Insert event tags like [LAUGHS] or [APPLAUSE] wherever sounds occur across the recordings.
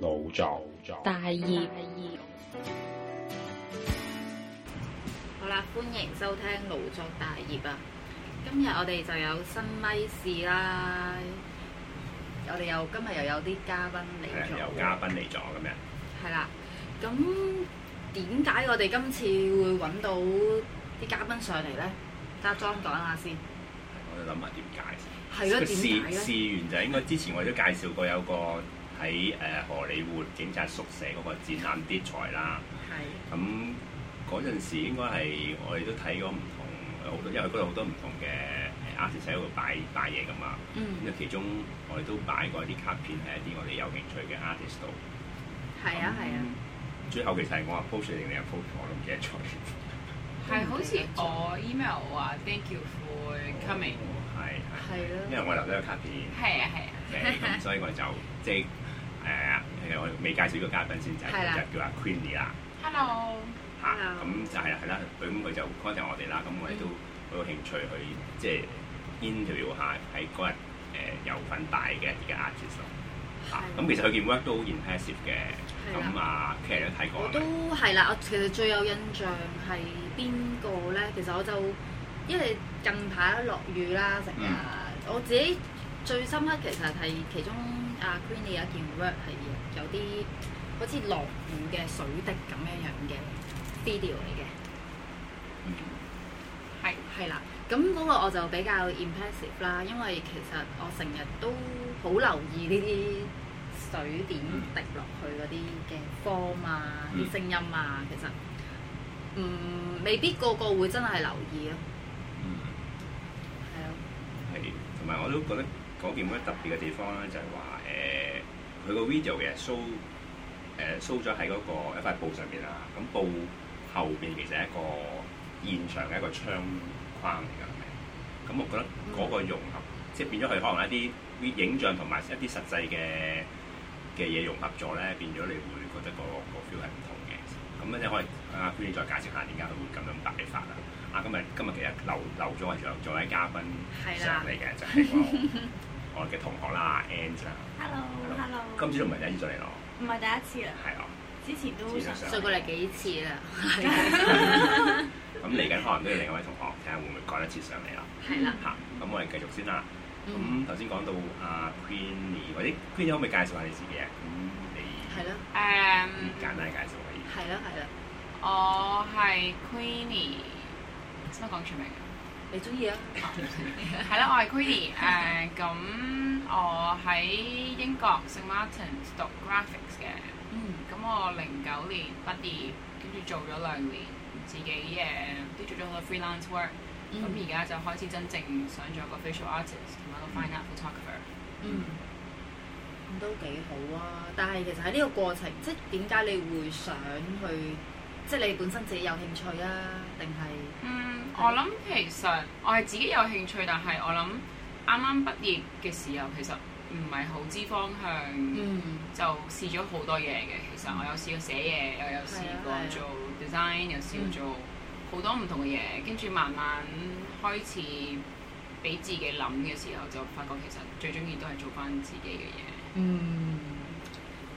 腦作大業，好啦，歡迎收聽腦作大業啊！今日我哋就有新咪試啦，我哋又今日又有啲嘉賓嚟咗，有嘉賓嚟咗咁樣，係啦，咁點解我哋今次會搵到啲嘉賓上嚟咧？得阿莊講，講下先，我哋諗下點解先，係咯的，試試完就應該之前我都介紹過有個。喺誒、呃、荷里活警察宿舍嗰個展覽啲材啦，係咁嗰陣時應該係我哋都睇過唔同好多，因為嗰度好多唔同嘅 artist 喺度擺擺嘢噶嘛， [LAUGHS] 嗯，咁、嗯、其中我哋都擺過啲卡片喺一啲我哋有興趣嘅 artist 度，係啊係啊，嗯、啊啊最後其實就係我，你 ach, 我話 post 定你有 post 我都唔記得咗，係好似我 email 話 thank you for coming，係係咯，啊、 [LAUGHS] 因為我留咗個卡片，係啊係啊，咁所以我就即。係啊，未、uh, 介紹呢個嘉賓先，就係今日叫阿 Queenie 啦。Hello、uh,。嚇！咁就係啦，係啦，咁佢就 contact 我哋啦。咁我哋都好有興趣去即係 interview 下喺嗰日誒、uh, 有份大嘅一啲嘅 artists。嚇！咁其實佢件 work 都好 impressive 嘅。係啊的。咁啊、uh,，劇都睇過我都係啦，我其實最有印象係邊個咧？其實我就因為近排落雨啦，成日、mm. 我自己。最深刻其實係其中啊 Queenie 有一件 work 係有啲好似落雨嘅水滴咁樣樣嘅 video 嚟嘅，嗯，係係啦，咁嗰是、嗯嗰個我就比較 impressive 啦，因為其實我成日都好留意呢啲水點滴落去嗰啲嘅 form 啊、啲、嗯啊、聲音啊，其實唔未必個個會真係留意咯，嗯，係咯，係，同埋我都覺得。嗰件冇乜特別嘅地方咧，就係話誒，佢、呃呃、個 video 其實 show 誒 show 咗喺嗰個一塊布上邊啊，咁布後邊其實係一個現場嘅一個窗框嚟㗎。咁、嗯嗯、我覺得嗰個融合，即係變咗佢可能一啲影像同埋一啲實際嘅嘅嘢融合咗咧，變咗你會覺得、嗰個、嗰個 feel 係唔同嘅。咁咧就可以阿 Queen 再介紹下點解佢會咁樣擺法啊。啊，今日今日其實留留咗我做做位嘉賓上嚟嘅的就係我。哦 [LAUGHS] 我嘅同學啦，Angel 啦，Hello，Hello，今次都唔係第一次嚟咯，唔係第一次啦，係咯，之前都上過嚟幾次啦，咁嚟緊可能都要另一位同學睇下會唔會趕得切上嚟啦，係啦，嚇，咁我哋繼續先啦，咁頭先講到啊 Queenie，或者 Queenie 可唔可以介紹下你自己啊？咁你係咯，誒，簡單介紹下，係咯係咯，我係 Queenie，先講全名。你中意啊？係啦，我係 Queenie 誒，咁我喺英國 St Martin's 讀 graphics 嘅。嗯。咁、嗯、我零九年畢業，跟住做咗兩年自己誒，都、yeah，做咗好多 freelance work、嗯。咁而家就開始真正想做一個，artist，一個 visual artist 同埋個 fine art photographer。嗯。咁、嗯、都幾好啊！但係其實喺呢個過程，即係點解你會想去？即、就、係、是、你本身自己有興趣啊？定係？嗯。我諗其實我係自己有興趣，但係我諗啱啱畢業嘅時候其實唔係好知方向，嗯、就試咗好多嘢嘅。其實我有試過寫嘢，又、嗯、有試過做 design，、嗯、有試過做好多唔同嘅嘢，跟住慢慢開始俾自己諗嘅時候，就發覺其實最中意都係做翻自己嘅嘢。嗯，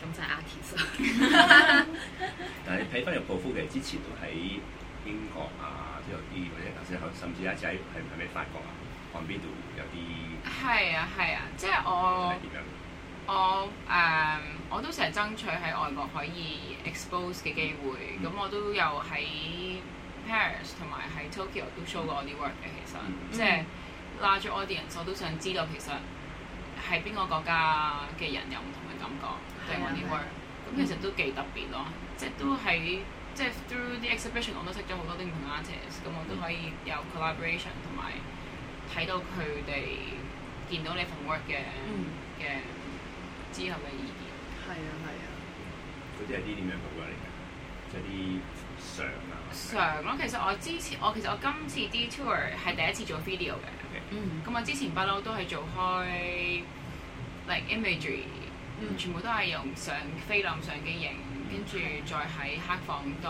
咁就係 artist 但係睇翻入鋪夫，其實之前喺英國啊。有啲或者或者甚至阿仔係咪法國啊？旁邊度有啲係啊，係啊，即係我、嗯、我誒、um, 我都成日爭取喺外國可以 expose 嘅機會，咁、嗯嗯、我都有喺 Paris 同埋喺 Tokyo、ok、都 show 過我啲 work 嘅。其實即係 large audience，我都想知道其實係邊個國家嘅人有唔同嘅感覺對我啲 work、啊。咁、啊啊啊嗯、其實都幾特別咯，即係都喺即係 through Exhibition，我都識咗好多啲唔同 artist，咁我都可以有 collaboration 同埋睇到佢哋見到你份 work 嘅嘅之後嘅意見。係啊，係啊。嗰啲係啲點樣圖啊嚟㗎？即係啲相啊。相咯，其實我之前我其實我今次啲 tour 係第一次做 video 嘅，咁 Okay. 我之前不嬲都係做開 like imagery，、嗯、全部都係用相菲林相機影，跟住再喺黑房度。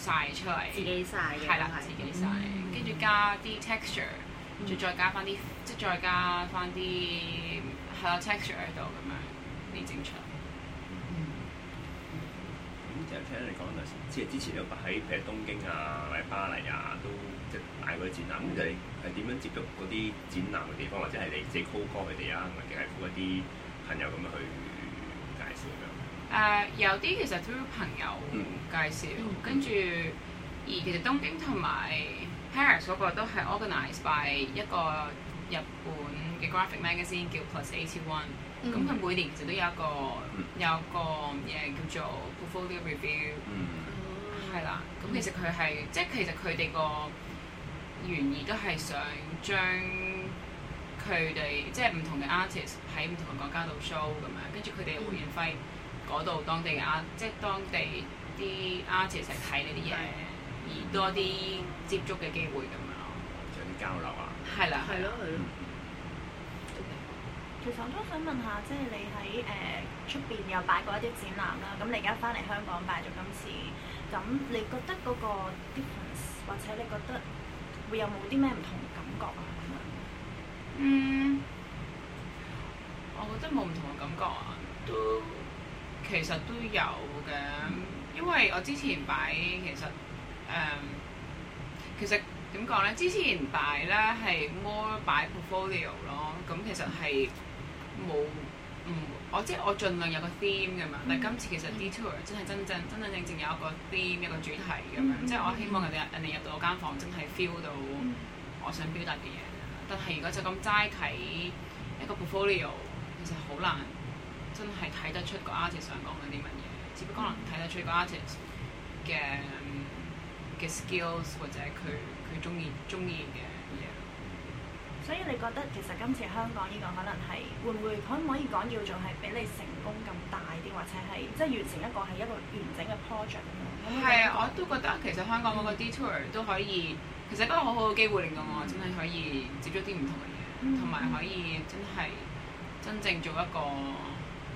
晒出嚟、啊，自己晒，嘅、嗯，係啦、嗯，自己晒。跟住加啲 texture，跟住再加翻啲，即係再加翻啲係咯 texture 喺度咁樣，嚟整出嚟。嗯，咁就、嗯嗯、聽你講啦，即係之前有擺喺譬如東京啊、喺巴黎啊，都即係、就係、大個展覽。咁你係點樣接觸嗰啲展覽嘅地方？或者係你自己 call call 佢哋啊，同埋定係揾一啲朋友咁樣去？誒、uh, 有啲其實 through 朋友介紹，跟住、嗯、而其實東京同埋 Paris 嗰個都係 organized by 一個日本嘅 graphic magazine 叫 Plus Eighty One。咁佢、嗯、每年其實都有一個、嗯、有一個嘢叫做 portfolio review，係、嗯、啦。咁、嗯、其實佢係即係其實佢哋個原意都係想將佢哋即係唔同嘅 artist 喺唔同嘅國家度 show 咁樣，跟住佢哋會員嗰度當地嘅 Art 即係當地啲 Art，其實睇呢啲嘢，嗯、而多啲接觸嘅機會咁樣咯，仲有啲交流啊。係啦，係咯，係咯。其實我都想問下，即係你喺誒出邊又擺過一啲展覽啦，咁你而家翻嚟香港擺咗今次，咁你覺得嗰個 difference，或者你覺得會有冇啲咩唔同嘅感覺啊？咁樣。嗯，我覺得冇唔同嘅感覺啊，都、嗯。其實都有嘅，因為我之前擺其實誒，其實點講咧？之前擺咧係 more 擺 portfolio 咯，咁其實係冇唔，我即係我儘量有個 theme 嘅嘛。但今次其實 detour 真係、嗯、真正真真正正有一個 theme 一個主題咁樣，嗯、即係我希望人哋人哋入到我間房真係 feel 到我想表達嘅嘢。但係如果就咁齋睇一個 portfolio，其實好難。真係睇得出個 artist 想講緊啲乜嘢，只不過可能睇得出個 artist 嘅嘅 skills 或者佢佢中意中意嘅嘢。所以你覺得其實今次香港呢個可能係會唔會可唔可以講叫做係比你成功更大啲，或者係即係完成一個係一個完整嘅 project 咁樣？係啊，我都覺得其實香港嗰個 detour 都可以，嗯、其實嗰個好好嘅機會令到我真係可以接觸啲唔同嘅嘢，同埋、嗯、可以真係真正做一個。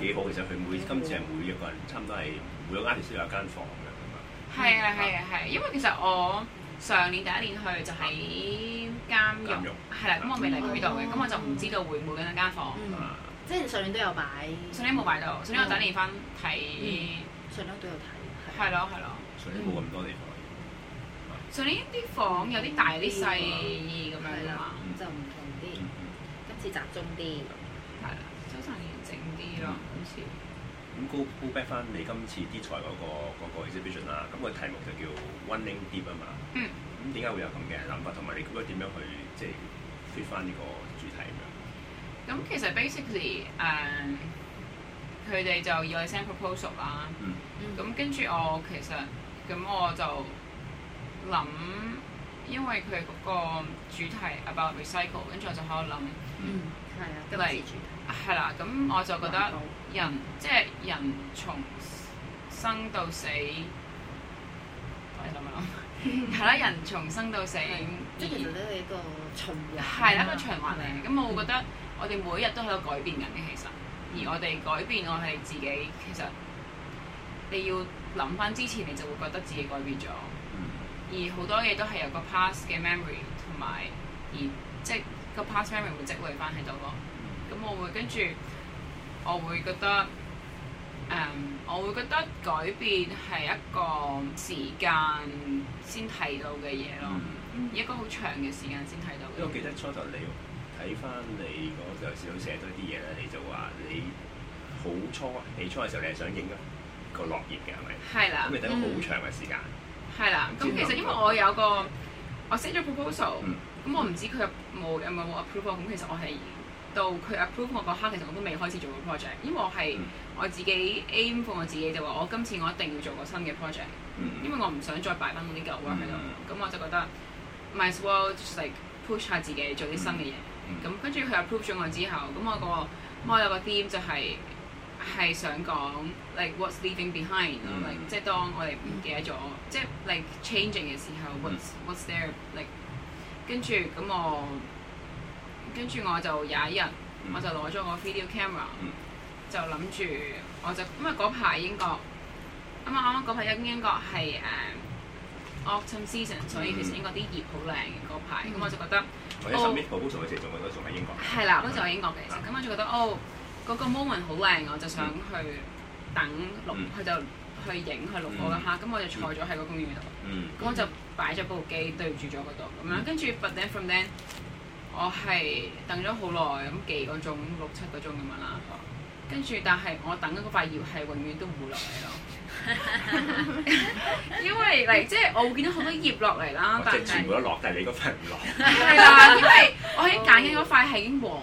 幾好，其實佢每今次係每一個人差唔多係每個 a g e n c 間房嘅咁樣。係啊係啊係，因為其實我上年第一年去就喺監獄係啦，咁我未嚟到呢度嘅，咁我就唔知道會每間房，即係上年都有買。上年冇買到，上年我第二年翻睇，上年都有睇。係咯係咯，上年冇咁多年。上年啲房有啲大啲細咁樣，就唔同啲，今次集中啲。咯，好似咁 go go back 翻你今次啲財嗰個嗰個 exhibition 啦，咁個題目就叫 One in Deep 啊嘛，嗯，咁點解會有咁嘅諗法，同埋你覺得點樣去即係 fit 翻呢個主題咁樣？咁其實 basically 誒，佢哋就要你 send proposal 啦，嗯，咁跟住我其實咁我就諗。因為佢嗰個主題 about recycle，跟住我就喺度諗，嗯，係啊，都係，係啦。咁我就覺得人，即係人從生到死，我喺度諗，係啦，人從生到死，即係其實都係一個循環，係啦，一個循環嚟。咁我會覺得我哋每一日都喺度改變緊嘅，其實。而我哋改變，我係自己。其實你要諗翻之前，你就會覺得自己改變咗。而好多嘢都係有個 past 嘅 memory 同埋，而即係個 past memory 會積累翻喺度咯。咁我會跟住，我會覺得，誒、嗯，我會覺得改變係一個時間先睇到嘅嘢咯，嗯嗯、一個好長嘅時間先睇到。因為我記得初頭你睇翻你嗰陣時，想寫多啲嘢咧，你就話你好初，起初嘅時候你係想影啊個落葉嘅，係咪？係啦。咁了你等咗好長嘅時間。嗯係啦，咁其實因為我有個我寫咗 proposal，咁、嗯、我唔知佢有冇有冇 approval，咁其實我係到佢 approve 我個 content，其實我都未開始做個 project。因為我係、嗯、我自己 aim for 我自己就話，我今次我一定要做個新嘅 project，、嗯、因為我唔想再擺翻嗰啲舊嘢喺度。咁我就覺得 might as、嗯 well just like push 下自己做啲新嘅嘢。咁跟住佢 approve 咗我之、那、後、個，咁我個 more 有個 theme 就係、是。係想講，like what's leaving behind，like 即係當我哋唔記得咗，即係 like changing 嘅時候，what's what's there，like 跟住咁我跟住我就有一日，我就攞咗個 video camera，就諗住，我就因為嗰排英國，咁啊啱啱嗰排因英國係誒 autumn season，所以其實英國啲葉好靚嗰排，咁我就覺得，我喺英國。係啦，嗰陣我英國嘅，咁我就覺得哦。嗰個 moment 好靚，我就想去等錄，佢就去影佢錄我啦吓。咁、嗯、我就坐咗喺個公園度，咁、嗯、我就擺咗部機對住咗嗰度咁樣，跟住 but then from then 我係等咗好耐，咁幾個鐘，六七個鐘咁樣啦，跟住但係我等嗰塊葉係永遠都唔會落嚟咯， [LAUGHS] [LAUGHS] 因為嚟即係我會見到好多葉落嚟啦，即係全部都落，但係是你嗰塊唔落，係 [LAUGHS] [LAUGHS] 啦，因為我喺揀嘅嗰塊係已經黃。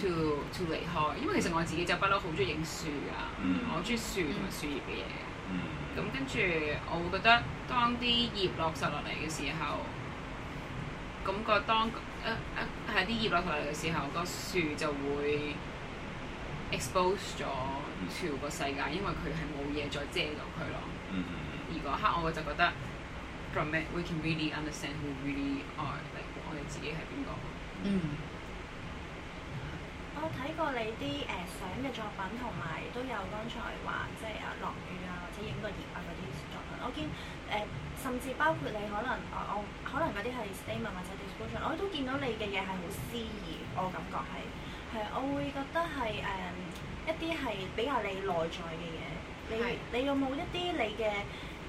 to to 離開，因為其實我自己就不嬲好中意影樹啊，mm hmm. 我中意樹同埋樹葉嘅嘢。咁、mm hmm. 嗯、跟住我會覺得，當啲葉落實落嚟嘅時候，感、那、覺、個、當誒誒喺啲葉落實落嚟嘅時候，個樹就會 expose 咗 to 個世界，因為佢係冇嘢再遮到佢咯。Mm hmm. 而嗰刻我就覺得，from we can really understand who really are like 嚟，我哋自己係邊個嗯。Mm hmm. 我睇過你啲誒、呃、相嘅作品，同埋都有剛才話即係啊落雨啊，或者影個葉啊嗰啲作品。我見誒、呃、甚至包括你可能我、呃、可能嗰啲係 statement 或者 discussion，我都見到你嘅嘢係好詩意，我感覺係係我會覺得係誒、呃、一啲係比較你內在嘅嘢。你是的 你有冇一啲你嘅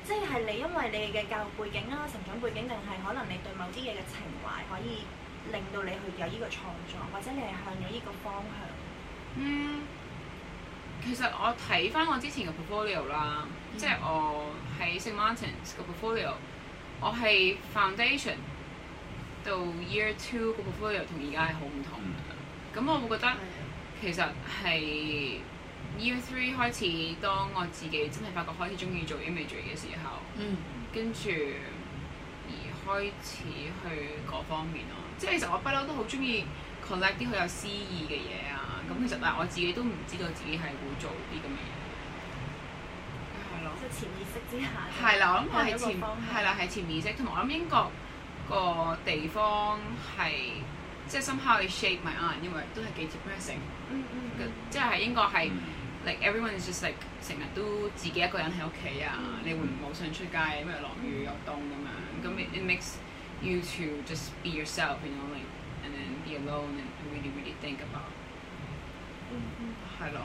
即係你因為你嘅教育背景啦、成長背景，定係可能你對某啲嘢嘅情懷可以？令到你去有呢個創作，或者你係向咗依個方向。嗯，其實我睇翻我之前嘅 portfolio 啦，嗯、即係我喺 Saint Martins 個 portfolio，我係 foundation 到 year two 個 portfolio 同而家係好唔同。咁、嗯、我會覺得其實係 year three 開始，當我自己真係發覺開始中意做 imagery 嘅時候，嗯，跟住而開始去各方面咯。即係其實我不嬲都好中意 collect 啲好有詩意嘅嘢啊！咁其實但係我自己都唔知道自己係會做啲咁嘅嘢，係咯、嗯，即係、yeah. 嗯、潛意識之下係、嗯、啦，咁我係潛係啦，係潛意識。同埋我諗英國個地方係即係 somehow it shaped my eye，因為都係幾 depressing、嗯。即係係英國係、mm. like everyone is just like 成日都自己一個人喺屋企啊，嗯、你會唔好想出街，因為落雨又凍咁樣。咁、mm. mm. it makes youtube just be yourself you know and then be alone and really really think about 係咯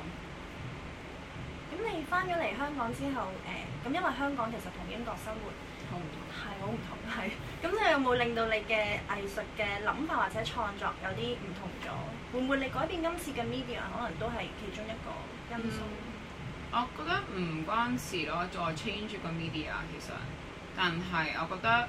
咁你翻咗嚟香港之後誒咁因為香港其實同英國生活好唔同係好唔同係咁你有冇令到你嘅藝術嘅諗法或者創作有啲唔同咗會唔會你改變今次嘅 media 可能都係其中一個因素我覺得唔關事咯再 change 個 media 其實但係我覺得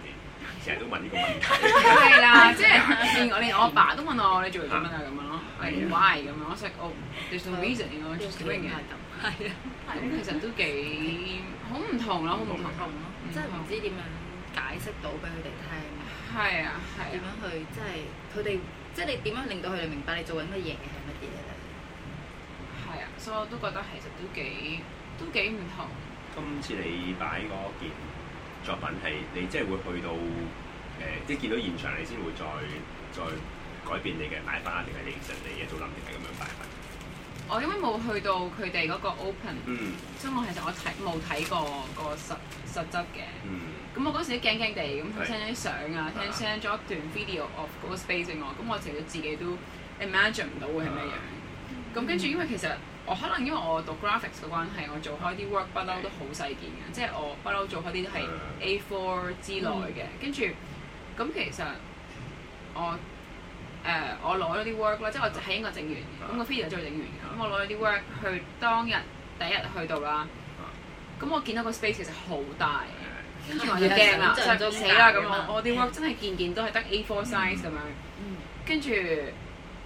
成日都問呢個問題，係啦，即係連我連我阿爸都問我，你做緊乜啊咁樣咯，係唔 why 咁樣？我 say oh there's no reason，我 just doing 係咁。係啊，咁其實都幾好唔同咯，好唔同咯，即係唔知點樣解釋到俾佢哋聽。係啊，係啊，點樣去即係佢哋即係你點樣令到佢哋明白你做緊乜嘢嘅係乜嘢咧？係啊，所以我都覺得其實都幾都幾唔同。今次你擺嗰件作品係你即係會去到誒、呃，即係見到現場你先會再再改變你嘅擺法啊，定係其實你嘅做諗定係咁樣擺法。我因為冇去到佢哋嗰個 open，、嗯、所以我其實我睇冇睇過個實實質嘅。咁、嗯、我嗰時都驚驚地咁聽啲相啊，聽 send 咗一段 video of 嗰個 space、啊嗯、我，咁我其實自己都,都 imagine 唔到會係咩樣。咁跟住因為其實。嗯嗯嗯我可能因為我讀 graphics 嘅關係，我做開啲 work 不嬲都好細件嘅，即係我不嬲做開啲都係 A4 之內嘅，跟住咁其實我誒我攞咗啲 work 啦，即係我喺英國整完嘅，咁個 fee 係在整完嘅，咁我攞咗啲 work 去當日第一日去到啦，咁我見到個 space 其實好大，跟住我就驚啦，就係都死啦咁啊！我啲 work 真係件件都係得 A4 size 咁樣，跟住。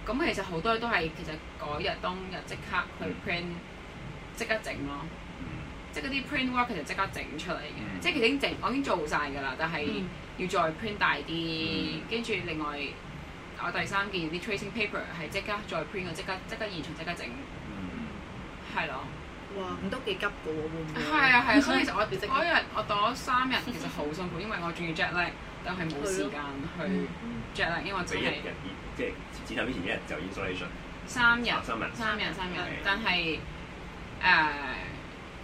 咁其實好多都係其實嗰日當日即刻去 print，即刻整咯。嗯、即係嗰啲 print work 其實刻、嗯、即刻整出嚟嘅，即係其實已經整，我已經做晒㗎啦，但係要再 print 大啲，跟住、嗯、另外我第三件啲 tracing paper 係即刻再 print，我即刻即刻現場即刻整。嗯，係咯。哇，咁都幾急㗎喎。係 [LAUGHS] 啊，係啊，所以其實我嗰日 [LAUGHS] 我當咗三日，其實好辛苦， [LAUGHS] 因為我仲要 jet lag。就係冇時間去着啦，因為真一日即係展覽之前一日就 installation。三日，三日，三日，三日。但係誒，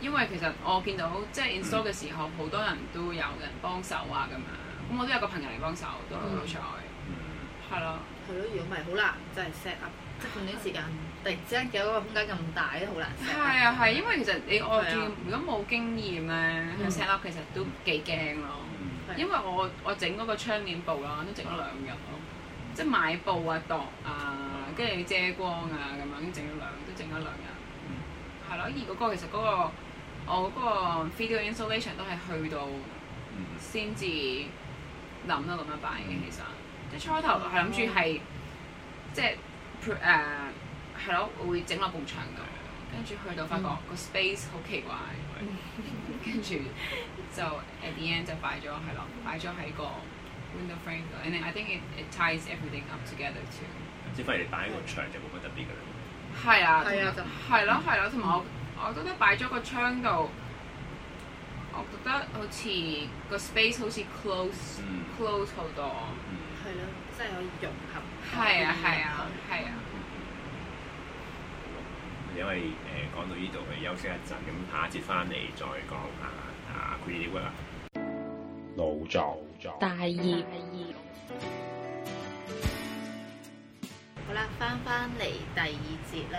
因為其實我見到即係 install 嘅時候，好多人都有人幫手啊咁樣。咁我都有個朋友嚟幫手，都好好彩。係咯，係咯。如果唔係，好難即係 set up。即係半年時間，突然之間有個空間咁大，都好難 set up。係啊，係因為其實你我見，如果冇經驗咧，set up 其實都幾驚咯。因為我我整嗰個窗簾布啦，都整咗兩日咯，嗯、即係買布啊、度啊，跟住遮光啊咁樣，整咗兩都整咗兩日，係咯、嗯。而嗰、嗰個其實嗰個我嗰個 video installation 都係去到先至諗到咁樣擺嘅。其實,、嗰個、其實即係初頭係諗住係即係誒係咯，會整落埲牆嘅，跟住、嗯、去到發覺個 space 好奇怪，跟住。就 at the end 就擺咗係咯，擺咗喺個 window frame 度，and I think it it ties everything up together too。即係反而你擺喺個牆就冇乜特別㗎喇。係啊，係啊，就係咯，係咯，同埋我我覺得擺咗個窗度，我覺得好似個 space 好似 close close 好多，係咯，真係可以融合。係啊，係啊，係啊。因為誒講到呢度，我休息一陣，咁下一節翻嚟再講下。Queenie 的 work 腦作大業好啦，翻翻嚟第二節啦。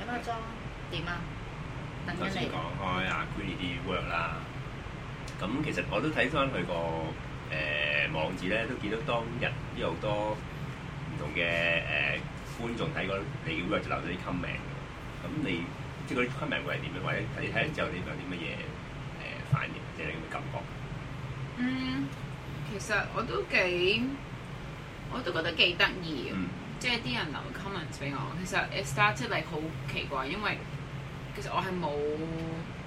咁阿莊點啊？等陣先講開阿 Queenie 的 work 啦。咁其實我都睇翻佢個誒網址咧，都見到當日呢度好多唔同嘅誒、呃、觀眾睇過你 work 就留咗啲 comment。咁你、嗯、即係嗰啲 comment 會係點樣？或者睇睇完之後你講啲乜嘢？即係咁嘅感覺。嗯，其實我都幾，我都覺得幾得意、嗯、即係啲人留 comments 俾我，其實 it started 嚟、like、好奇怪，因為其實我係冇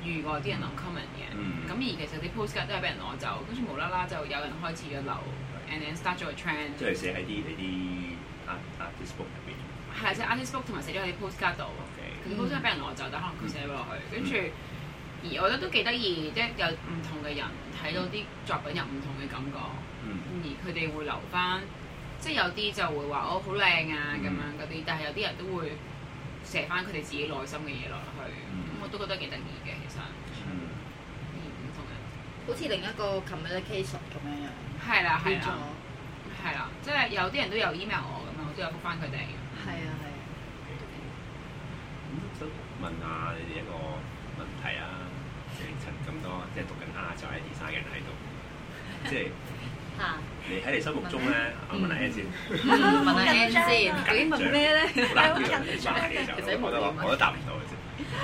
遇過啲人留 comment 嘅。咁而其實啲 postcard 都係俾人攞走，跟住無啦啦就有人開始咗留對，and then start 咗個 trend。即係、就是、寫喺啲喺啲啊啊 artist book 入邊。係寫喺 artist book 同埋寫咗喺 postcard 度。ok。咁 postcard 俾人攞走，但可能佢寫落去，跟住、嗯。後而我覺得都幾得意，即係有唔同嘅人睇到啲作品有唔同嘅感覺，嗯、而佢哋會留翻，即係有啲就會話：哦，好靚啊！咁、嗯、樣嗰啲，但係有啲人都會寫翻佢哋自己內心嘅嘢落去，咁、嗯嗯、我都覺得幾得意嘅。其實，嗯、唔同人好似另一個 communication 咁樣樣，係啦、啊，係啦、啊，係啦著，即係、啊啊啊、有啲人都有 email 我咁樣，我都有覆翻佢哋。係啊，係啊。咁想、啊、okay. 問下你哋一個問題啊？成咁多即係讀緊藝術或者 design 嘅人喺度，即係你喺你心目中咧，我問你先，問你先，究竟問咩咧？好難嘅，其實其實我覺得我我都答唔到嘅啫。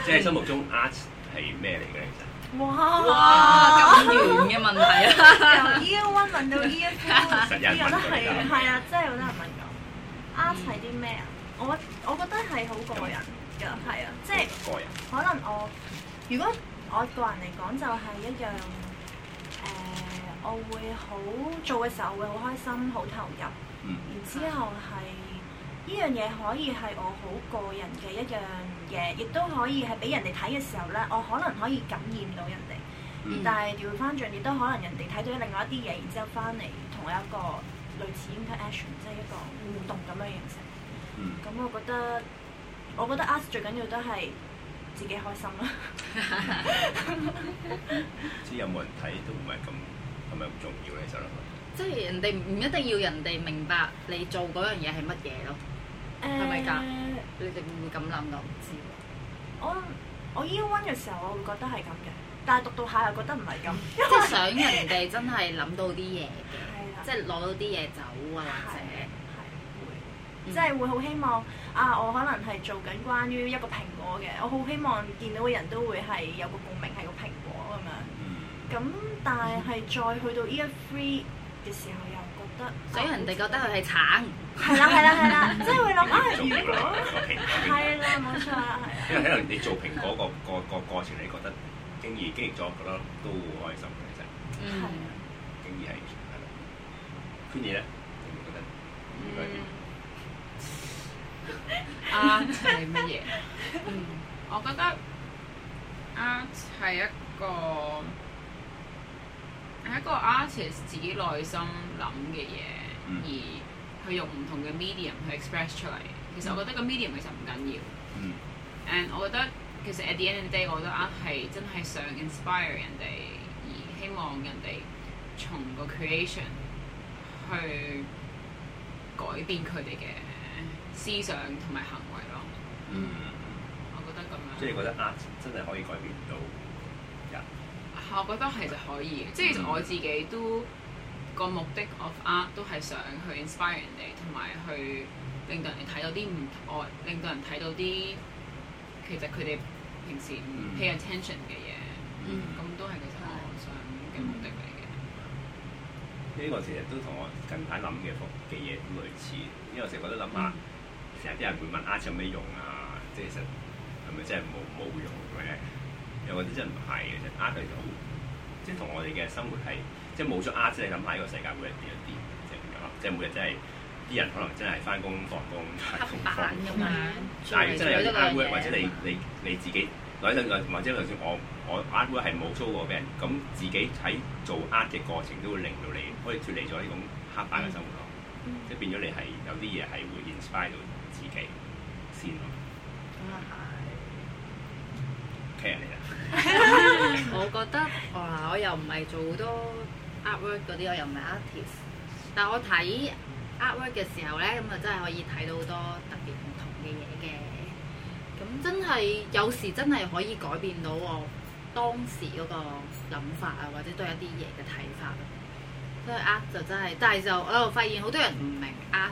即係心目中 art 係咩嚟嘅？其實哇，咁重要嘅問題啊！由 year one 問到 year two，有啲人係係啊，真係有啲人問咁，art 係啲咩啊？我我覺得係好個人嘅，係啊，即係個人可能我如果。我個人嚟講就係一樣誒、呃，我會好做嘅時候會好開心，好投入。嗯、然之後係呢樣嘢可以係我好個人嘅一樣嘢，亦都可以係俾人哋睇嘅時候咧，我可能可以感染到人哋。嗯、但係調翻轉亦都可能人哋睇到另外一啲嘢，然之後翻嚟同一個類似 interaction，即係一個互動咁樣形式。嗯。咁我覺得，我覺得 ask 最緊要都係。自己開心咯、啊， [LAUGHS] [LAUGHS] 知有冇人睇都唔係咁，唔係咁重要咧就啦。即係人哋唔一定要人哋明白你做嗰、呃、樣嘢係乜嘢咯，係咪㗎？你哋會唔會咁諗我唔知喎。我我要温嘅時候，我會覺得係咁嘅，但係讀到下又覺得唔係咁。即係想人哋真係諗到啲嘢嘅， [LAUGHS] 即係攞到啲嘢走啊或者。即係會好希望啊！我可能係做緊關於一個蘋果嘅，我好希望見到嘅人都會係有個共鳴，係個蘋果咁樣。咁但係再去到依家 free 嘅時候，又覺得所以人哋覺得佢係橙。係啦係啦係啦，即係會諗啊！係啦，冇錯，係因為喺度你做蘋果個個個過程，你覺得經驗經歷咗，覺得都好開心嘅啫。係經驗，跟住咧，嗯。art 係乜嘢？嗯，我覺得 art 係一個係一個 artist 自己內心諗嘅嘢，而去用唔同嘅 medium 去 express 出嚟。其實我覺得個 medium 其實唔緊要。嗯，and 我覺得其實 at the end of the day，我覺得 art 係真係想 inspire 人哋，而希望人哋從個 creation 去改變佢哋嘅。思想同埋行為咯，嗯，我覺得咁樣，即係覺得 art 真係可以改變到人，我覺得其實可以，即係其實我自己都個目的 of art 都係想去 inspire 人哋，同埋去令到人哋睇到啲唔同我，令到人睇到啲其實佢哋平時唔 pay attention 嘅嘢，咁都係其實我想嘅目的嚟嘅。呢個成日都同我近排諗嘅嘅嘢都類似，因為成日我覺得諗下。成日啲人會問 Art 有咩用啊？即係其實係咪真係冇冇用嘅？有嗰啲真係唔係嘅。其實 Art 係好即係同我哋嘅生活係即係冇咗 Art，即你諗下呢個世界會係點樣啲？即係即係每日真係啲人可能真係翻工、放工、黑白嘅嘛。但係真係有啲 Artwork，或者你你你自己或者就算我我 Artwork 係冇 show 俾人，咁自己喺做 Art 嘅過程都會令到你可以脫離咗呢種黑白嘅生活咯，嗯嗯、即係變咗你係有啲嘢係會 inspire 到。嘅咯，咁又係我覺得哇，我又唔係做好多 artwork 嗰啲，我又唔係 artist，但係我睇 artwork 嘅時候咧，咁啊真係可以睇到好多特別唔同嘅嘢嘅。咁真係有時真係可以改變到我當時嗰個諗法啊，或者對一啲嘢嘅睇法咯。所以 art 就真係，但係就我又發現好多人唔明 art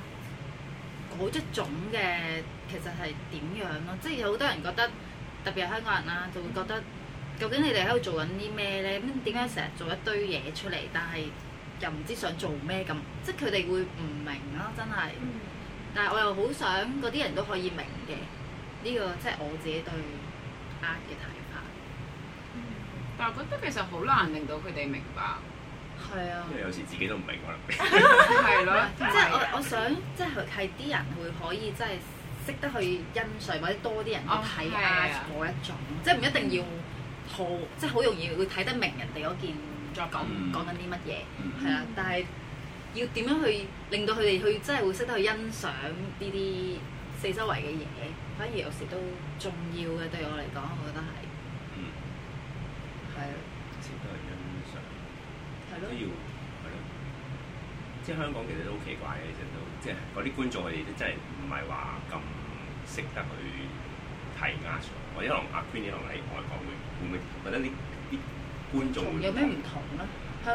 好一種嘅，其實係點樣咯？即係有好多人覺得，特別係香港人啦，就會覺得究竟你哋喺度做緊啲咩咧？咁點解成日做一堆嘢出嚟，但係又唔知想做咩咁？即係佢哋會唔明咯，真係。但係我又好想嗰啲人都可以明嘅，呢個即係我自己對 art 嘅睇法。嗯。但係我覺得其實好難令到佢哋明白。係啊，因為有時自己都唔明可能，係 [LAUGHS] 咯。即係、就是、我我想，即係係啲人會可以真係識得去欣賞，或者多啲人去睇下嗰一種，即係唔一定要好，即係好容易會睇得明人哋嗰件在講講緊啲乜嘢，係啊。但係要點樣去令到佢哋去真係會識得去欣賞呢啲四周圍嘅嘢，反而有時都重要嘅。對我嚟講，我覺得係，係啊。都要係咯，即係香港其實都好奇怪嘅，成日都即係嗰啲觀眾，佢哋都真係唔係話咁識得去提壓上。我一路、嗯、阿 Queenie，一嚟喺外國會會唔會覺得啲啲觀眾有咩唔同咧？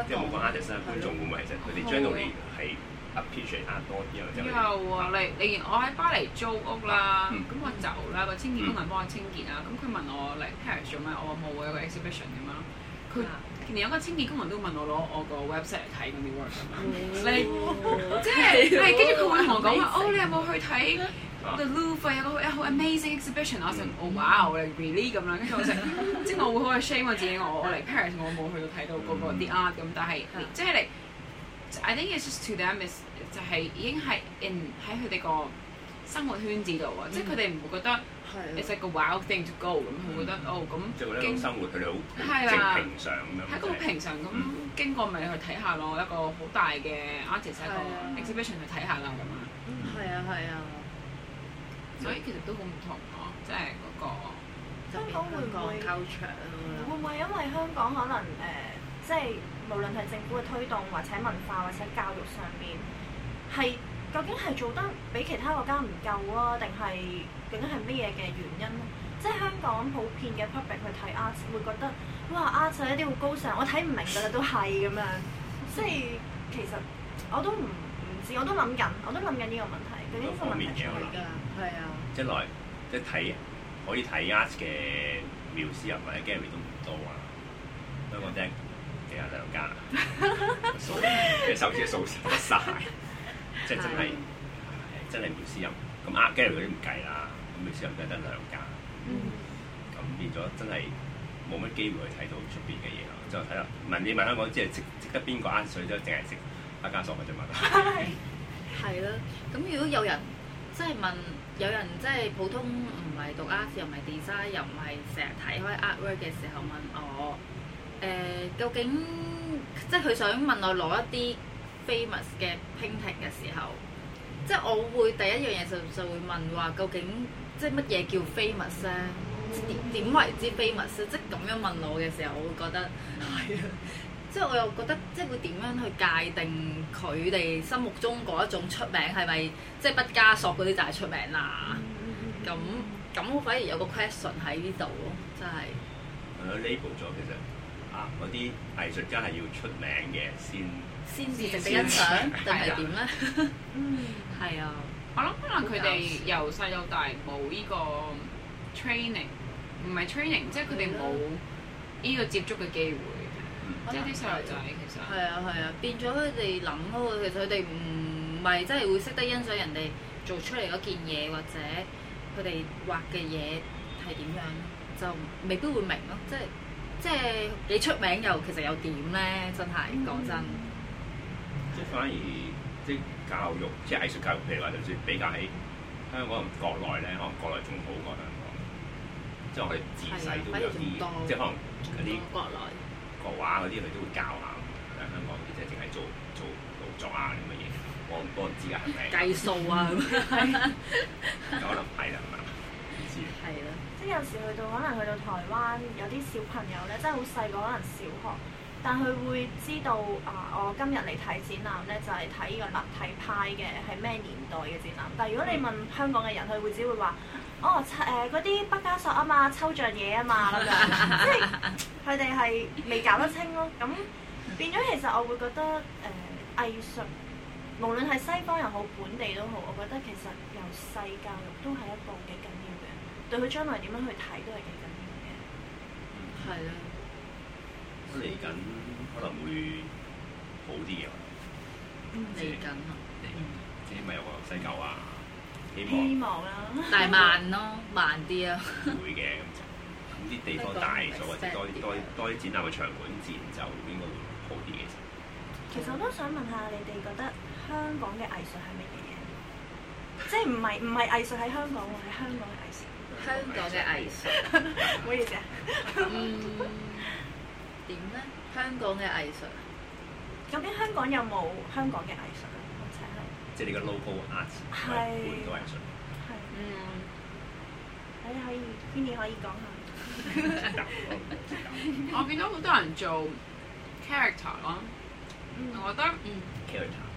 即係冇講 artist 啦，觀眾會唔會其實佢哋將到你係 appreciate 下多啲啊？有啊，例你如我喺巴黎租屋啦，咁我走啦，個清潔工人幫我清潔啊，咁佢、嗯、問我嚟 Paris 做咩？我話冇啊，個 exhibition 咁樣。近年有個清潔工人都問我攞我個 website 嚟睇嗰啲 work，即係，係跟住佢會同我講話，哦，你有冇去睇 The Louvre 有個好 amazing exhibition 啊，成，oh wow，嚟 really 咁啦，跟住我成，即係我會好嘅 shame 我自己我我嚟 Paris 我冇去到睇到嗰個啲 art 咁，但係即係嚟，I think it's just to them is 就係已經係 in 喺佢哋個。生活圈子度啊，即係佢哋唔會覺得其實個 wild thing to go 咁，佢會覺得哦咁。就覺得生活，佢哋好正常咁。係都好平常咁，經過咪去睇下咯，一個好大嘅 artist 一個 exhibition 去睇下啦咁啊。係啊係啊，所以其實都好唔同咯，即係嗰個香港會唔會會唔會因為香港可能誒，即係無論係政府嘅推動，或者文化，或者教育上邊係。究竟係做得比其他國家唔夠啊？定係究竟係乜嘢嘅原因咧？即係香港普遍嘅 public 去睇 art 會覺得，哇 art 係一啲好高尚，我睇唔明㗎啦，都係咁樣。即係其實我都唔唔知，我都諗緊，我都諗緊呢個問題。嗰方面嘅難，係啊。一來即係睇可以睇 art 嘅苗師人或者 gallery 都唔多啊。香港真係只有兩間，數隻手指數晒。即係真係，的真係冇私人，咁 art gallery 嗰啲唔計啦。咁冇私人真係得兩家，咁、嗯、變咗真係冇乜機會去睇到出邊嘅嘢咯。之後睇啦，問你問香港，即係值值得邊個啱水都淨係食一家所嘅啫嘛。係係咯。咁的 [LAUGHS] 如果有人即係問，有人即係普通，唔係讀 art 又唔係 design 又唔係成日睇開 artwork 嘅時候問我，誒、呃、究竟即係佢想問我攞一啲？famous 嘅 painting 嘅時候，即係我會第一樣嘢就就會問話究竟即係乜嘢叫 famous 咧？點點為之 famous 咧？即係咁樣問我嘅時候，我會覺得係啊！即係我又覺得即係會點樣去界定佢哋心目中嗰一種出名係咪即係畢加索嗰啲就係出名啦？咁咁反而有個 question 喺呢度咯，真係。係啊，label 咗其實啊，嗰啲藝術家係要出名嘅先。先至值得欣賞定係點咧？嗯，係啊。我諗可能佢哋由細到大冇呢個 training，唔係 training，即係佢哋冇呢個接觸嘅機會。即係啲細路仔其實係啊係啊，變咗佢哋諗嗰個。其實佢哋唔係真係會識得欣賞人哋做出嚟嗰件嘢，或者佢哋畫嘅嘢係點樣，就未必會明咯。即係即係你出名又其實又點咧？真係講真。即反而即教育即藝術教育，譬如話就算比較喺香港同國內咧，可能國內仲好過香港。即我哋自細都有啲，即可能嗰啲國內國畫嗰啲佢都會教下。但香港啲即淨係做做勞作啊咁嘅嘢，我唔多知啊，係咪？計數啊咁啊，有可能係啦，係啦，即 [NOISE] 有時去到可能去到台灣，有啲小朋友咧，真係好細個，可能小學。嗯但佢會知道啊，我今日嚟睇展覽咧，就係睇呢個立體派嘅係咩年代嘅展覽。但如果你問香港嘅人，佢會只會話：哦，誒嗰啲畢加索啊嘛，抽象嘢啊嘛咁樣。 [LAUGHS] 即係佢哋係未搞得清咯。咁變咗，其實我會覺得誒、呃、藝術，無論係西方又好，本地都好，我覺得其實由細教育都係一個幾緊要嘅，對佢將來點樣去睇都係幾緊要嘅。係啊。嚟緊可能會好啲嘅，嚟緊，即係為，咪有個西九啊，希望，希望啦，但係、啊、慢咯，慢啲啊，會嘅咁就，咁啲地方大咗，或者多多啲多啲展覽嘅場館展就邊個會好啲嘅。其實我都想問，問下你哋覺得香港嘅藝術係乜嘢？即係唔係唔係藝術喺香港喺香港嘅藝術。香港嘅藝術，唔好意思。 [LAUGHS] [LAUGHS] 嗯。點咧？香港嘅藝術，究竟香港有冇香港嘅藝術啊？或者係即係你嘅 local arts 本地藝術，嗯，你可以你可以 Vinny 可以講下。我見到好多人做、嗯、character 咯，我覺得，嗯，character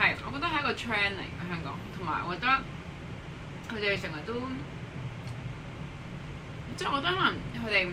係我覺得係一個 trend 嚟嘅香港，同埋我覺得佢哋成日都即係我覺得可能佢哋。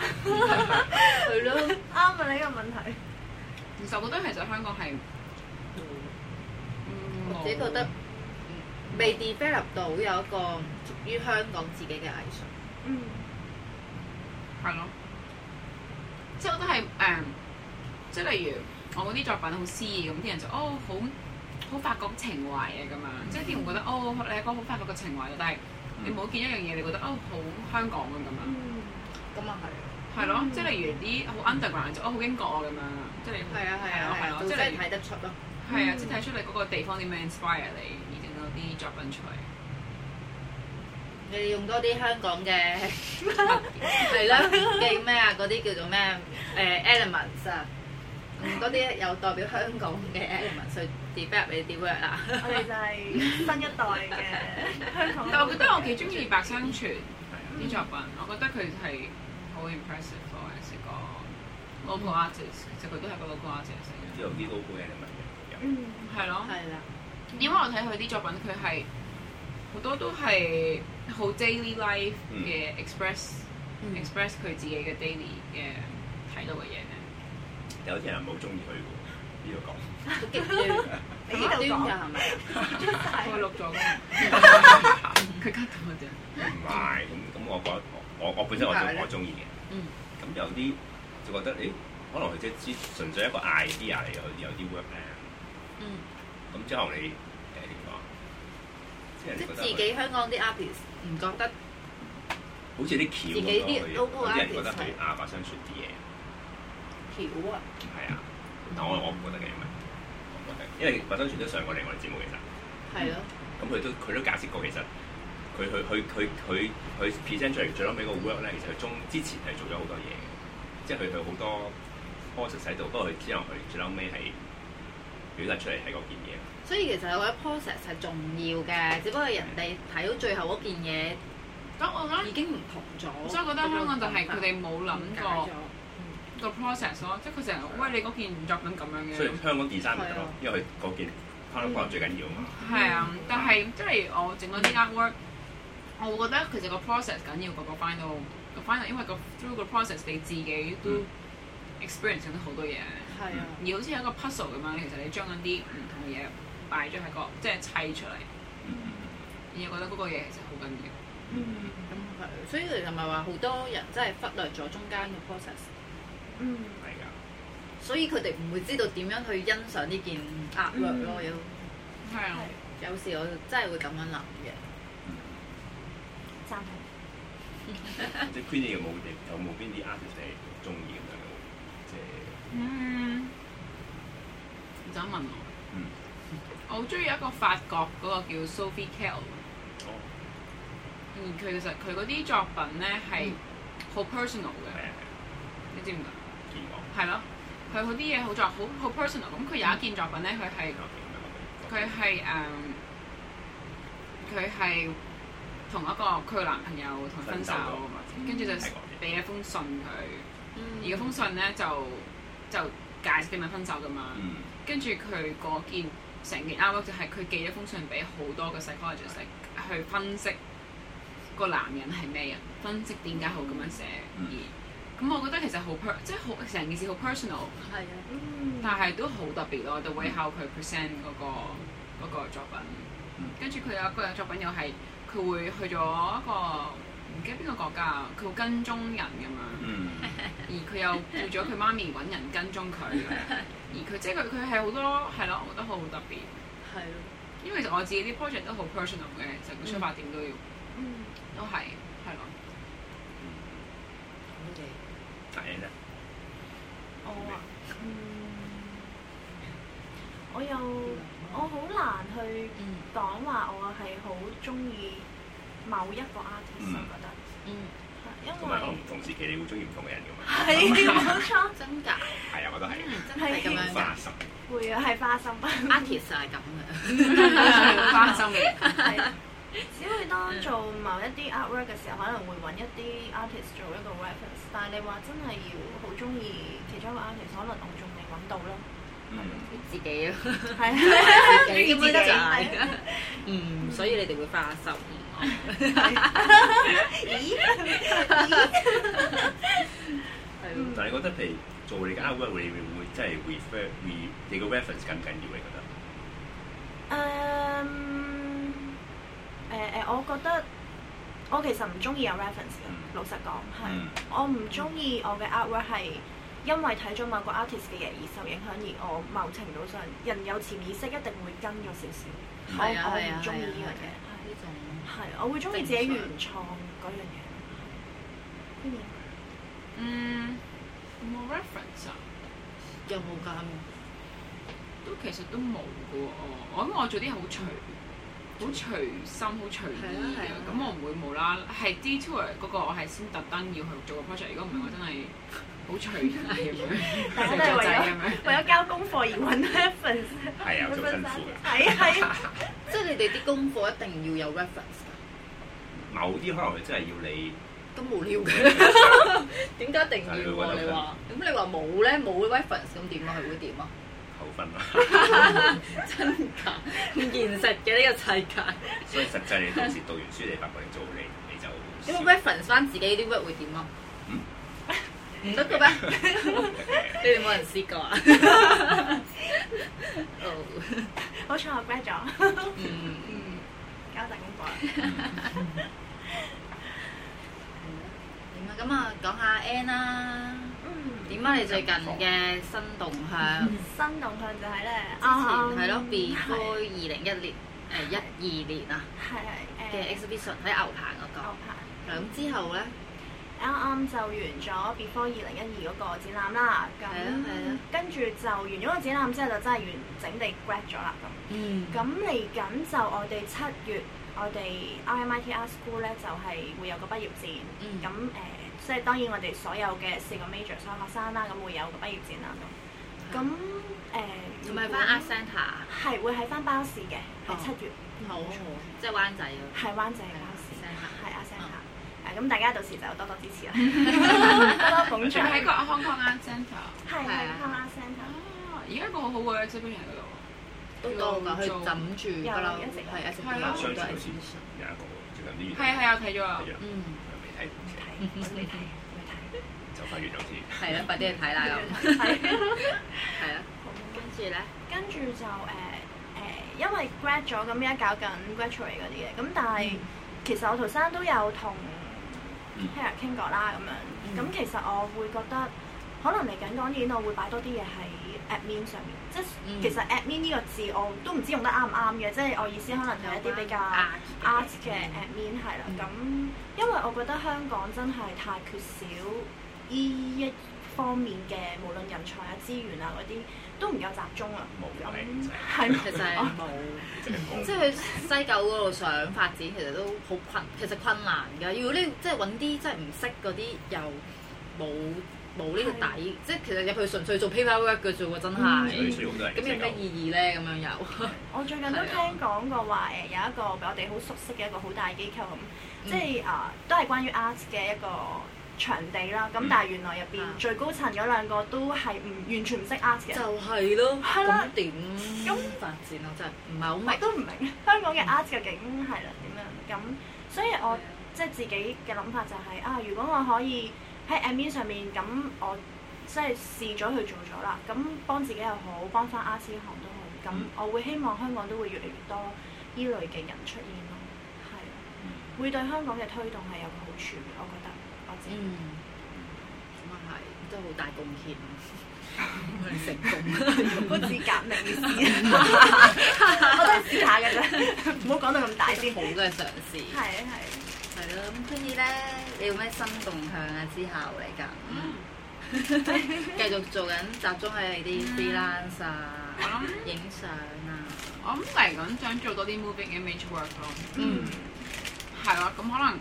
係 [LAUGHS] 咯對了、 [LAUGHS] 啊，啱問你一個問題。其實我覺得其實香港係，我自己覺得未 develop 到有一個屬於香港自己嘅藝術。嗯，係咯。即係我都係誒，即係例如我嗰啲作品好詩意，咁啲人就哦好好發覺情懷啊咁樣。嗯、即係啲人覺得哦，你係一個好發覺嘅情懷，但係你冇見一樣嘢，你覺得哦好香港啊咁樣。嗯，咁啊係，係咯，即係例如啲好 underground 就哦好英國啊咁樣，即係係啊係啊係啊，即係你睇得出咯。係啊，即係睇出你嗰個地方點樣 inspire 你，而整到啲作品出嚟。你哋用多啲香港嘅係啦，記咩啊？嗰啲叫做咩誒 elements 啊？嗰啲有代表香港嘅 elements 去 develop 你啲 work 啊？我哋就係新一代嘅香港。但係我覺得我幾中意白山泉啲作品，我覺得佢係。好 impressive，作為一個 local artist，其實佢都係個 local artist 嚟嘅。之後啲 local 係咪？嗯，係咯，係啦。因為我睇佢啲作品，佢係好多都係好 daily life 嘅 express，express 佢自己嘅 daily 嘅睇到嘅嘢咧。有啲人冇中意佢喎，呢度講。你呢度講係咪？我錄咗啦。佢 cut 咗我啲。唔係，咁我覺得。我我本身我我中意嘅，咁有啲就覺得誒，可能佢即係純粹一個 idea 嚟，佢有啲 work 咧。嗯。咁之後你誒點講？即係即自己香港啲 artist 唔覺得，好似啲橋。自己啲都人覺得係阿伯相傳啲嘢。橋啊！係啊，但我我唔覺得嘅，因為因為阿伯相傳都上過另外嘅節目其實。係咯的。咁佢、嗯、都佢都解釋過其實。佢佢佢佢佢佢 present 出嚟最撚尾個 work 咧，嗯、其實佢中之前係做咗好多嘢嘅，即係佢對好多 process 喺度。不過佢之後佢最撚尾係表達出嚟係嗰件嘢。所以其實我覺得 process 係重要嘅，只不過人哋睇到最後嗰件嘢，咁我覺得已經唔同咗。嗯、所以我覺得香港就係佢哋冇諗過 process、嗯、個 process 咯，即係佢成日喂你嗰件作品咁樣嘅。所以香港對、哦、design 咯，因為佢嗰件最緊要啊嘛。係啊，但係即係我整咗呢間 work。我會覺得其實個 process 緊要過個 final，個 final 因為個 through 個 process，你自己都 experience 咗、嗯嗯、好多嘢。係啊，而好似有一個 puzzle 咁樣，其實你將緊啲唔同嘅嘢擺咗喺個，即係砌出嚟。嗯嗯。然後覺得嗰個嘢其實好緊要，嗯。嗯，咁係，所以又唔咪話好多人真係忽略咗中間嘅 process。嗯，係啊。所以佢哋唔會知道點樣去欣賞呢件壓力咯。要係啊，有時我真係會咁樣諗嘅。即係邊啲，有冇啲，有冇邊啲 artist 係中意咁樣嘅？即、就、係、是、嗯，你想問我？嗯，我好中意一個法國嗰、那個叫 Sophie Calle。哦，嗯，佢其實佢嗰啲作品咧係好 personal 嘅，嗯、你知唔知？見過，係咯，佢嗰啲嘢好作好好 personal。咁佢有一件作品咧，佢係佢係誒，佢係。同一個佢嘅男朋友同佢分手，跟住就俾一封信佢。而封信咧就就解釋點解分手噶嘛。跟住佢嗰件成件 artwork 就係佢寄咗封信俾好多嘅 psychologist 去分析個男人係咩人，分析點解好咁樣寫。咁我覺得其實好即係好成件事好 personal，但係都好特別咯。我哋會考佢 present 嗰個作品。跟住佢有一個作品又係。佢會去咗一個唔記得邊個國家啊，佢會跟蹤人咁樣，嗯、而佢又叫咗佢媽咪揾人跟蹤佢， [LAUGHS] 而佢即係佢佢係好多係咯，我覺得好特別，係咯了，因為其實我自己啲 project 都好 personal 嘅，成個出發點都要，嗯、都係，係咯，咁佢我，嗯，我又。我好難去講話我係好中意某一個 artist，我覺得，嗯，因為我同時期你好中意唔同嘅人嘅嘛，係冇錯，真㗎，係啊，我都係，真係咁樣，會啊，係花心，artist 係咁嘅，好花心嘅，只會當做某一啲 artwork 嘅時候，可能會揾一啲 artist 做一個 reference，但係你話真係要好中意其中一個 artist，可能我仲未揾到囉。係咯，自己啊，係啊，自己得就係。嗯，所以你哋會花心。咦？咦？但係你覺得譬如做你嘅 artwork 你會唔會真係 refer？你個 reference 緊唔緊要？你覺得？嗯，誒誒，我覺得我其實唔中意有 reference 老實講係，我唔中意我嘅 artwork 係。因為睇咗某個 artist 嘅嘢而受影響，而我某程度上，人有潛意識一定會跟咗少少。我我唔中意呢樣嘢，係呢種對我會中意自己原創嗰樣嘢。常嗯，有冇 reference 啊？有冇噶？都其實都冇嘅喎，我因為我做啲好隨，好隨心、好隨意嘅，咁我唔會冇啦。係 detour 嗰個，我係先特登要去做個 project。如果唔係，我真係。好隨意，大家都係為咗為咗交功課而揾多一份，係啊，好辛苦啊！係係，即係你哋啲功課一定要有 reference。某啲可能真係要你都無聊嘅，點解一定要啊？你話咁你話冇咧，冇 reference 咁點啊？佢會點啊？扣分啊！真㗎，現實嘅呢個世界。所以實際你到時讀完書你翻嚟做你你就咁 reference 翻自己啲 work 會點啊？嗯。唔得噶咩？你哋冇人試過啊！哦，好彩我關咗。嗯嗯，交集咁講。點啊？咁啊，講下 Ann 啦。點解你最近嘅新動向？新動向就係咧，之前係咯，B 區二零一年誒一二年啊，嘅 exhibition 喺牛棚嗰個。牛棚。係咁之後咧。啱啱就完咗 Before 二零一二嗰個展覽啦，咁跟住就完咗個展覽之後就真係完整地 grab 咗啦，咁咁嚟緊就我哋七月我哋 RMIT R School 咧就係會有個畢業展，咁誒即係當然我哋所有嘅四個 major 所有學生啦，咁會有個畢業展啦，咁誒唔係翻 Ascenta 係會喺翻包氏嘅，七月冇錯，即係灣仔嘅，係灣仔咁大家到時就多多支持啦！喺個 Hong Kong Arts Centre 而家一個好好嘅追兵喺度，都多㗎。佢枕住有樓，一直係一直都有。都城有錢，有一個最近啲。係係啊，睇咗啊，嗯，未睇，未睇，未睇，就快完咗先。係啦，快啲去睇啦咁。係啊，好，跟住咧，跟住就誒誒，因為 grad 咗，咁而家搞緊 graduate 嗰啲嘢，咁但係其實我徒生都有同。聽日傾過啦，咁樣。咁、嗯、其實我會覺得，可能嚟緊講緊，我會擺多啲嘢喺 admin 上面。即係、嗯、其實 admin 呢個字，我都唔知用得啱唔啱嘅。即係我意思，可能係一啲比較 art 嘅 admin 係啦、嗯。咁、嗯、因為我覺得香港真係太缺少呢一方面嘅，無論人才啊、資源啊嗰啲。都唔夠集中啊！冇咁，係、嗯、其實係冇，即係西九嗰度想發展，其實都好困，其實困難㗎。如果你即係揾啲即係唔識嗰啲，又冇冇呢個底，即係其實入去純粹做 paperwork 嘅做嘅真係，咁、嗯嗯、有咩意義咧？咁樣有。我最近都聽講過話誒，有一個俾我哋好熟悉嘅一個好大機構咁，即係啊，就是 uh，都係關於 art 嘅一個。場地啦，咁但係原來入邊最高層嗰兩個都係唔完全唔識 art 嘅，就係咯，係啦的，咁點發展啊？嗯、真係唔係好明，都唔明香港嘅 artist 究竟係啦點樣咁，所以我的即係自己嘅諗法就係、是、啊，如果我可以喺 admin 上面咁，我即係試咗去做咗啦，咁幫自己又好，幫翻 art 行都好，咁、嗯、我會希望香港都會越嚟越多依類嘅人出現咯，係、嗯、會對香港嘅推動係有個好處嘅，我覺得。嗯，咁啊係，都好大貢獻啊！ [LAUGHS] 成功啊，嘗嘗 [LAUGHS] 好似革命似啊！我都試下嘅啫，唔好講到咁大啲好嘅嘗試。係係係咯，咁跟住咧，你有咩新動向啊？之後嚟緊，繼 [LAUGHS] 續做緊，集中喺你啲 balance 啊，影相 [LAUGHS] 啊。我諗嚟緊，想做多啲 moving image work 嗯，係咯，咁可能。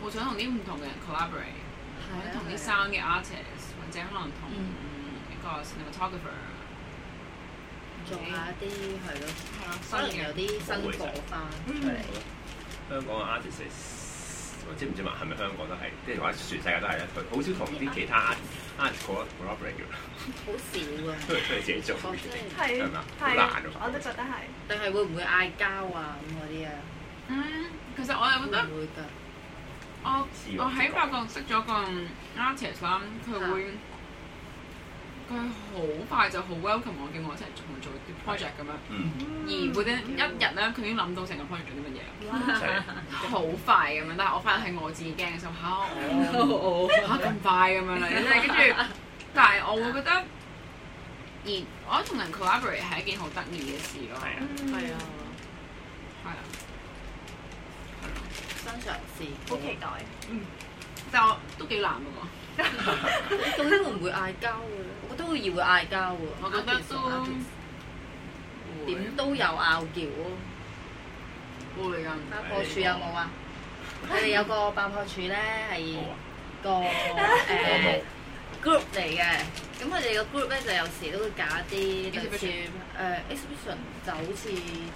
我想同啲唔同嘅人 collaborate，想同啲生嘅 artist 或者可能同一個 photographer 做下啲，係咯，係咯，可能有啲新火花。香港嘅 artist 我知唔知話？係咪香港都係？即係話全世界都係啦。好少同啲其他 artist 合作 collaborate 㗎，好少啊。都係都係自己做，係咪啊？太難喎！我都覺得係。定係會唔會嗌交啊？咁嗰啲啊？嗯，其實我又覺得。唔會㗎。我喺法國識咗個 artist 啦，佢會佢好快就好 welcome 我，叫我，我一齊同做啲 project 咁樣，嗯、而嗰一日咧佢已經諗到成個 project 啲乜嘢，好快咁樣。但係我發現係我自己驚嘅時候，嚇咁快咁樣啦，跟住、啊、但係我會覺得而我同人 collaborate 係一件好得意嘅事咯，係啊，啊。嘗試，好期待。嗯，就都幾難嘅喎、 [LAUGHS] 啊。你哈哈哈會唔會嗌交嘅，我都會而會嗌交嘅。我覺得都點都有拗撬咯。會㗎，爆破處有冇啊？佢哋有個爆破處咧，係個誒。group 嚟嘅，咁佢哋個 group 咧就有時都會搞啲類似誒 exhibition 就好似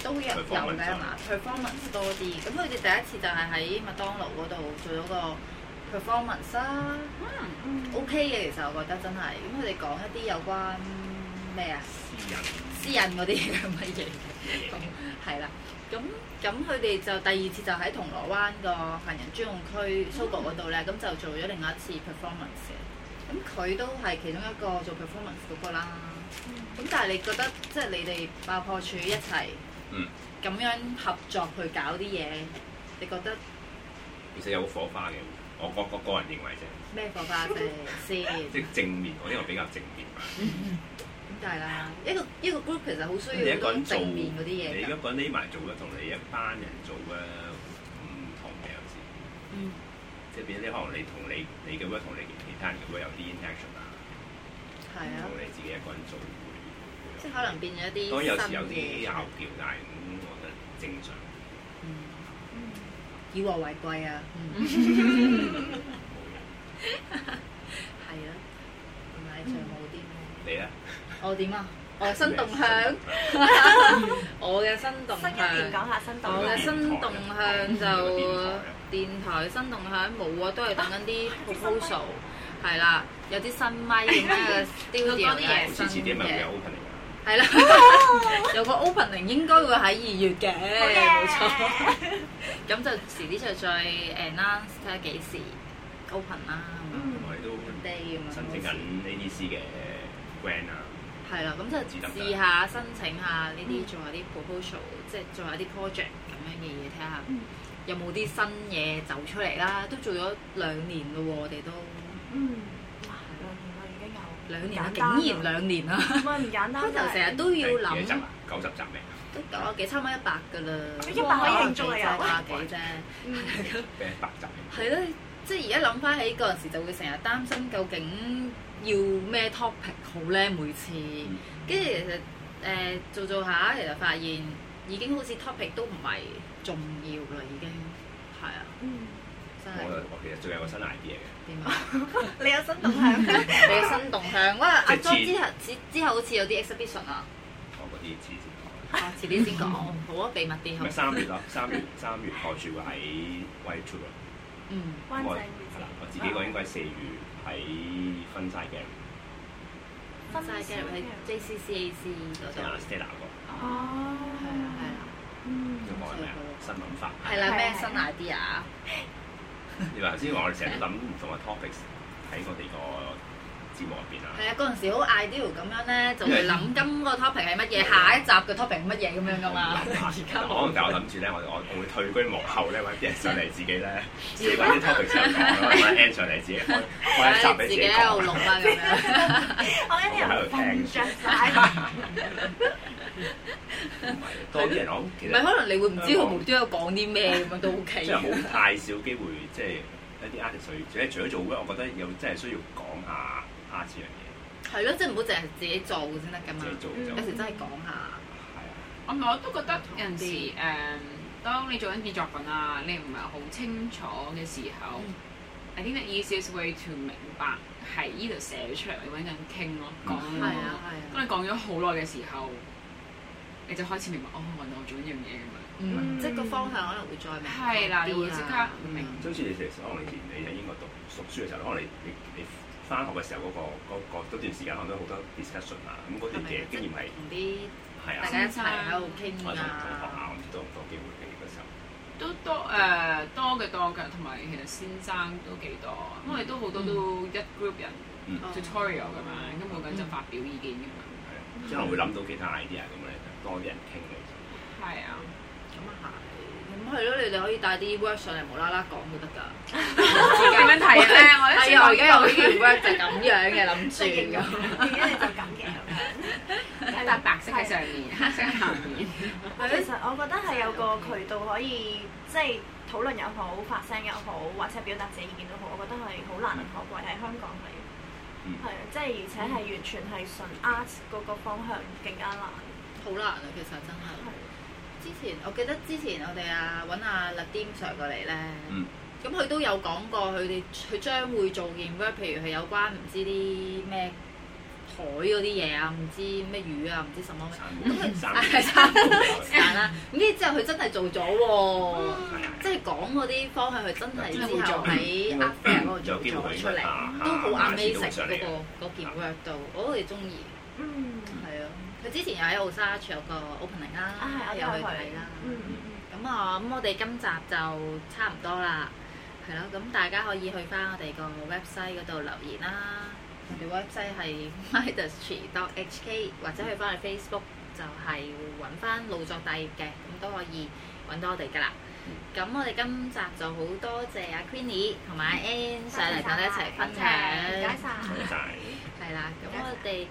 都入遊嘅係嘛？performance 多啲，咁佢哋第一次就係喺麥當勞嗰度做咗個 performance 啦、啊嗯，嗯，OK 嘅其實我覺得真係，咁佢哋講一啲有關咩啊？私人嗰啲乜嘢嘅嘢，係啦，咁咁佢哋就第二次就喺銅鑼灣個行人專用區 SOGO 嗰度咧，咁就做咗另外一次 performance 嘅。咁佢、嗯、都係其中一個做 performance 嗰個啦。咁但係你覺得，即係你哋爆破處一齊，咁、嗯、樣合作去搞啲嘢，你覺得其實有火花嘅。我個個個人認為啫。咩火花啫？先 [LAUGHS] 即係正面我啲，我比較正面。咁就係啦。一個一個 group 其實好需要一個人正面嗰啲嘢。你一個人匿埋做嘅，同你一班人做嘅唔同嘅有時。嗯。即係變咗啲，可能你同你你嘅 group 同你。咁會有啲 interaction 啊，係啊，你自己一個人做會，即係可能變咗啲。當然有時有啲拗撬，但係咁，我覺得正常。嗯嗯，以和為貴啊！冇人，係啊，唔係最好啲咩？你咧？我點啊？我新動向，我嘅新動向，講下新動向。我嘅新動向就電台新動向，冇啊，都係等緊啲 proposal。係啦，有啲新麥咁樣，丟多啲嘢新嘅。遲啲咪會有 opening？係啦，有個 opening 應該會喺二月嘅，冇錯。咁就遲啲就再 announce 睇下幾時 open 啦。嗯，我哋都。day 咁樣，申請緊呢啲先嘅 grant 啊。係啦，咁就試下申請下呢啲，做下啲 proposal，即係做下啲 project 咁樣嘅嘢，睇下有冇啲新嘢走出嚟啦。都做咗兩年咯喎，我哋都。嗯，哇，兩年啦，已經有兩年啦，竟然兩年啦，唔係唔簡單，開頭成日都要諗九十集咩？都九啊幾差唔多一百噶啦，一百可以咋，一百幾啫，係咯，百集，係咯，即係而家諗翻起嗰陣時，就會成日擔心究竟要咩 topic 好咧，每次，跟住其實誒做做下，其實發現已經好似 topic 都唔係重要啦，已經係啊，嗯，真係，我其實仲有個新 idea 嘅。你有，你有新動向？你有新動向？喂、啊，阿 j 之後之後好似有啲 exhibition ex 啊！我嗰啲遲啲講，遲啲先講好啊！秘密啲。咩三月啊？三月三月我住喺 White t 嗯，關正。係啦，我自己個應該係四月喺分晒鏡。婚紗鏡喺 JCCAC 嗰度。哦，係啊，係啊。嗯，叫咩新文化。係啦，咩新 idea 啊？你頭先話我哋成日都諗唔同嘅 topics 喺我哋個節目入邊啊？係啊，嗰 [NOISE] 陣樂、嗯、時好 ideal 咁樣咧，就會諗今個 topic 係乜嘢，下一集嘅 topic 係乜嘢咁樣噶嘛？可能、嗯嗯、但我諗住咧，我我我會退居幕後咧，揾啲人上嚟自己咧，自己啲 topic 上嚟，揾啲 answer 嚟自己，揾 [LAUGHS] 集俾自己，喺度錄啊咁樣。 [LAUGHS] 我啲人喺度聽著 [LAUGHS] [LAUGHS] 唔係，多啲人講其實唔係可能你會唔知佢無端有講啲咩咁啊，都 OK。即係冇太少機會，即係一啲 artist 除咗做嘅，我覺得又真係需要講下 artist 樣嘢。係咯，即係唔好淨係自己做先得㗎嘛。做有時真係講下。係啊。我唔係，我都覺得有陣時誒，當你做緊件作品啊，你唔係好清楚嘅時候，I think the easiest way to 明白係呢度寫出嚟，你揾緊傾咯，講咯。係啊，係啊。當你講咗好耐嘅時候。你就開始明白，我原來我做呢樣嘢咁樣，即係個方向可能會再明啲。係啦，即刻明。即好似你其實，可能你喺英國讀讀書嘅時候，可能你你翻學嘅時候嗰個嗰段時間，可能好多 discussion 啊，咁嗰段嘅經驗係同啲係啊，大家一齊喺度傾啊。喺學校好似多唔多機會嘅嗰時候？都多誒，多嘅多嘅，同埋其實先生都幾多，因為都好多都一 group 人 tutorial 㗎嘛，咁嗰陣就發表意見咁。嘛。可能會諗到其他 idea，咁樣，多啲人傾嘅。係 [NOISE] 啊，咁啊係，咁係咯，你哋可以帶啲 work 上嚟無啦啦講都得㗎。咁樣睇咧？我而家有啲 work 就咁樣嘅諗住咁。而家你就咁嘅，係白色喺上面，黑色喺下面。其實我覺得係有個渠道可以，即係討論又好，發聲又好，或者表達自己意見都好，我覺得係好難可貴喺香港嚟。係啊，即係、mm. 而且係完全係純 art 嗰個方向，更加難。好難啊，其實真係。的之前我記得之前我哋啊搵阿、啊、Ladim Sir 過嚟咧，咁佢、mm. 都有講過，佢哋佢將會做件 work，譬如係有關唔知啲咩。海嗰啲嘢啊，唔知咩魚啊，唔知什麼，咁佢唔係係三觀時間啦。咁跟之後佢真係做咗喎，即係講嗰啲方向，佢真係之後喺阿 f f e 嗰度做咗出嚟，都好 amazing，嗰個嗰件 work 度，我都係中意。嗯，係啊，佢之前又喺奧沙有個 opening 啦，又去睇啦。咁啊，咁我哋今集就差唔多啦，係咯。咁大家可以去翻我哋個 website 嗰度留言啦。我哋 website 係 m i d a s t r e e h k 或者去翻去 Facebook 就係揾翻腦作大業嘅，咁都可以揾到我哋噶啦。咁、嗯、我哋今集就好多謝阿 Queenie 同埋 Anne 上嚟同 [LAUGHS] 我哋一齊分享，多謝晒！係啦。咁我哋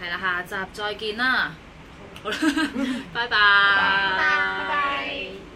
係啦，下集再見啦，好啦，拜拜，拜拜。